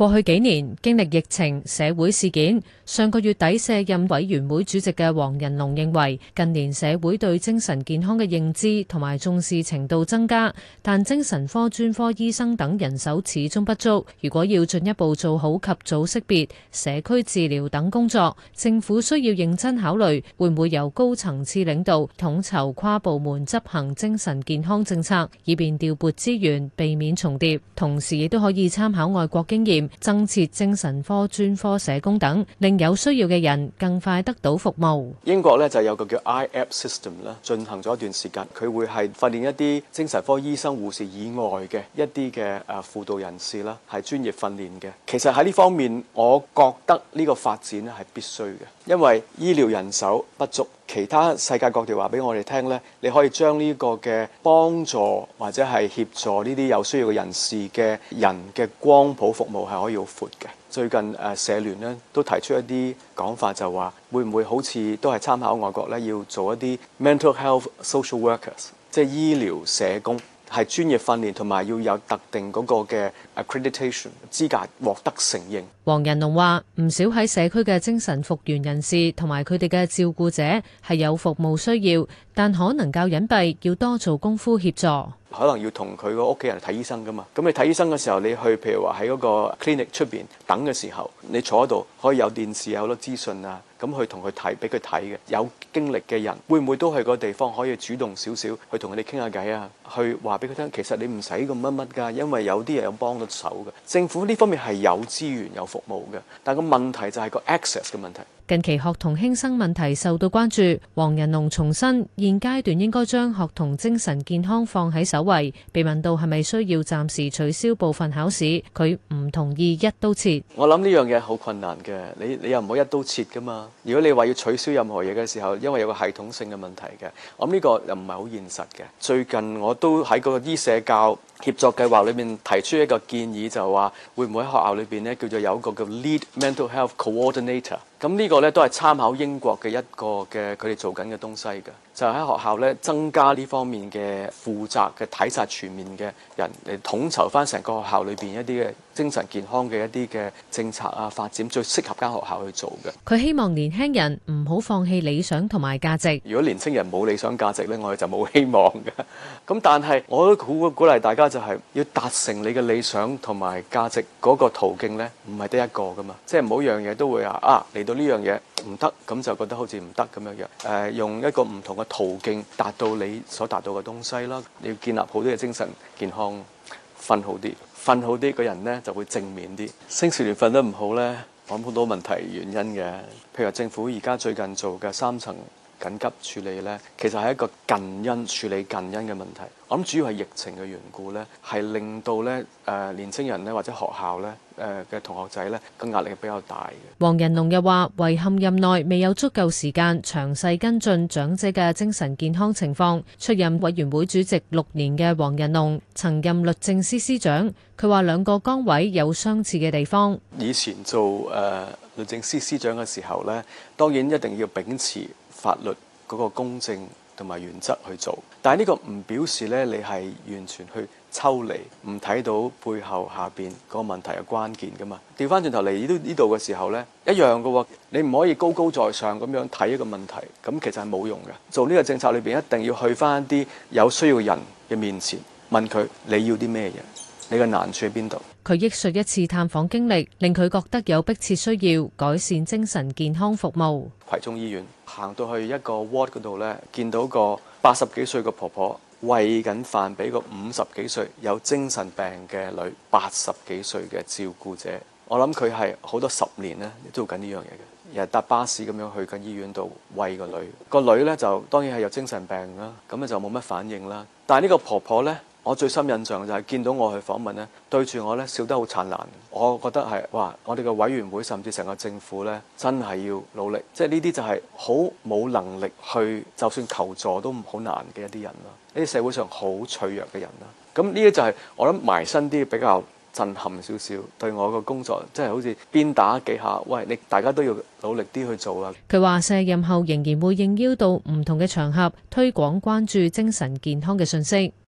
過去幾年經歷疫情、社會事件，上個月底卸任委員會主席嘅黃仁龍認為，近年社會對精神健康嘅認知同埋重視程度增加，但精神科專科醫生等人手始終不足。如果要進一步做好及早識別、社區治療等工作，政府需要認真考慮會唔會由高層次領導統籌跨部門執行精神健康政策，以便調撥資源，避免重疊，同時亦都可以參考外國經驗。增設精神科專科社工等，令有需要嘅人更快得到服務。英國咧就有個叫 IAP System 咧，進行咗一段時間，佢會係訓練一啲精神科醫生、護士以外嘅一啲嘅誒輔導人士啦，係專業訓練嘅。其實喺呢方面，我覺得呢個發展咧係必須嘅，因為醫療人手不足。其他世界各地話俾我哋聽呢，你可以將呢個嘅幫助或者係協助呢啲有需要嘅人士嘅人嘅光譜服務係可以好闊嘅。最近誒社聯呢都提出一啲講法就，就話會唔會好似都係參考外國呢要做一啲 mental health social workers，即係醫療社工。係專業訓練同埋要有特定嗰個嘅 accreditation 資格獲得承認。黃仁龍話：唔少喺社區嘅精神復原人士同埋佢哋嘅照顧者係有服務需要，但可能較隱蔽，要多做功夫協助。可能要同佢個屋企人睇醫生㗎嘛。咁你睇醫生嘅時候，你去譬如話喺嗰個 clinic 出邊等嘅時候，你坐喺度可以有電視，有好多資訊啊，咁去同佢睇，俾佢睇嘅有經歷嘅人會唔會都去個地方可以主動少少去同佢哋傾下偈啊？去話俾佢聽，其實你唔使咁乜乜㗎，因為有啲人有幫到手嘅。政府呢方面係有資源、有服務嘅，但個問題就係個 access 嘅問題。近期學童輕生問題受到關注，黃仁龍重申，現階段應該將學童精神健康放喺首位。被問到係咪需要暫時取消部分考試，佢唔同意一刀切。我諗呢樣嘢好困難嘅，你你又唔好一刀切㗎嘛。如果你話要取消任何嘢嘅時候，因為有個系統性嘅問題嘅，我諗呢個又唔係好現實嘅。最近我都喺嗰啲醫社教協作計劃裏面提出一個建議，就話會唔會喺學校裏邊呢，叫做有一個叫 Lead Mental Health Coordinator。咁呢個呢，都係參考英國嘅一個嘅佢哋做緊嘅東西㗎。就喺學校咧，增加呢方面嘅負責嘅體察全面嘅人嚟統籌返成個學校裏邊一啲嘅精神健康嘅一啲嘅政策啊，發展，最適合間學校去做嘅。佢希望年輕人唔好放棄理想同埋價值。如果年輕人冇理想價值咧，我哋就冇希望嘅。咁 但係我都鼓鼓勵大家就係、是、要達成你嘅理想同埋價值嗰個途徑咧，唔係得一個㗎嘛。即係每樣嘢都會啊，嚟到呢樣嘢唔得，咁就覺得好似唔得咁樣樣。誒、呃，用一個唔同嘅。途徑達到你所達到嘅東西咯，你要建立好多嘅精神健康，瞓好啲，瞓好啲個人呢就會正面啲。青少年瞓得唔好呢，講好多問題原因嘅，譬如話政府而家最近做嘅三層緊急處理呢，其實係一個近因處理近因嘅問題。我諗主要係疫情嘅緣故呢，係令到呢誒年青人呢，或者學校呢誒嘅同學仔呢，個壓力比較大嘅。黃仁龍又話：遺憾任內未有足夠時間詳細跟進長者嘅精神健康情況。出任委員會主席六年嘅黃仁龍，曾任律政司司長，佢話兩個崗位有相似嘅地方。以前做誒、呃、律政司司長嘅時候呢，當然一定要秉持。法律嗰個公正同埋原則去做，但係呢個唔表示呢，你係完全去抽離，唔睇到背後下邊個問題係關鍵噶嘛？調翻轉頭嚟呢度呢度嘅時候呢，一樣噶喎，你唔可以高高在上咁樣睇一個問題，咁其實係冇用嘅。做呢個政策裏邊，一定要去翻啲有需要嘅人嘅面前問佢，你要啲咩嘢？你嘅難處喺邊度？佢憶述一次探訪經歷，令佢覺得有迫切需要改善精神健康服務。葵涌醫院行到去一個 ward 嗰度咧，見到個八十幾歲個婆婆餵緊飯俾個五十幾歲有精神病嘅女，八十幾歲嘅照顧者。我諗佢係好多十年咧做緊呢樣嘢嘅，又搭巴士咁樣去緊醫院度餵個女。個女咧就當然係有精神病啦，咁咧就冇乜反應啦。但係呢個婆婆咧。我最深印象就係見到我去訪問咧，對住我咧笑得好燦爛。我覺得係哇，我哋個委員會甚至成個政府咧，真係要努力。即係呢啲就係好冇能力去，就算求助都唔好難嘅一啲人啦。呢啲社會上好脆弱嘅人啦。咁呢啲就係、是、我諗埋身啲比較震撼少少，對我嘅工作即係好似鞭打幾下。喂，你大家都要努力啲去做啦。佢話卸任後仍然會應邀到唔同嘅場合推廣關注精神健康嘅信息。